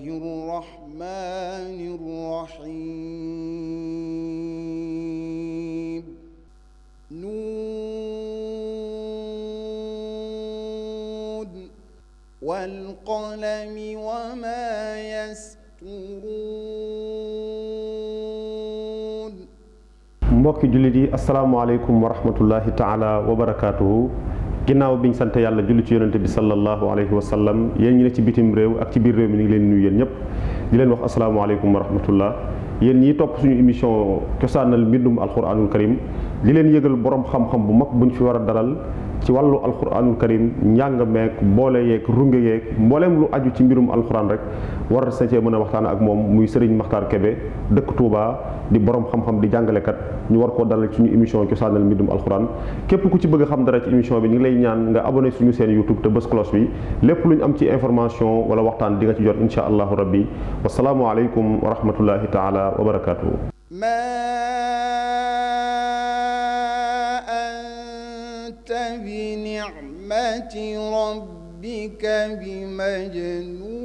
الله الرحمن الرحيم نون والقلم وما يسطرون mbokki jullit yi asalaamaaleykum wa rahmatullahi taala wa barakaatuhu ginnaaw ñu sant yàlla julli ci yonente bi sallallahu alayhi wa sallam yéen ñi ne ci bitim réew ak ci biir réew mi ñu ngi leen nuyu yéen ñëpp di leen wax asalaamaaleykum wa rahmatullah yéen ñiy topp suñu émission cosaanal mbindum alquranul karim di leen yégal borom xam-xam bu mag bu ñu fi war a dalal ci wàllu alquranul karim njàng meek boole yeek runge yeeg mbooleem lu aju ci mbirum alquran rek war sa cee mën a waxtaan ak moom muy Serigne Makhtar kebe dëkk tuuba di borom xam-xam di jàngalekat ñu war ko koo dalal suñu émission cosaanal mbindum alquran képp ku ci bëgg xam dara ci émission bi ñu ngi lay ñaan nga abonné suñu seen youtube te bes cloche bi lépp lu ñu am ci information wala waxtaan di nga ci jot insha allahu rabbi wasalaamualeykum wa rahmatullahi taala wa barakatuhu bi ni'mati rabbika bi majnun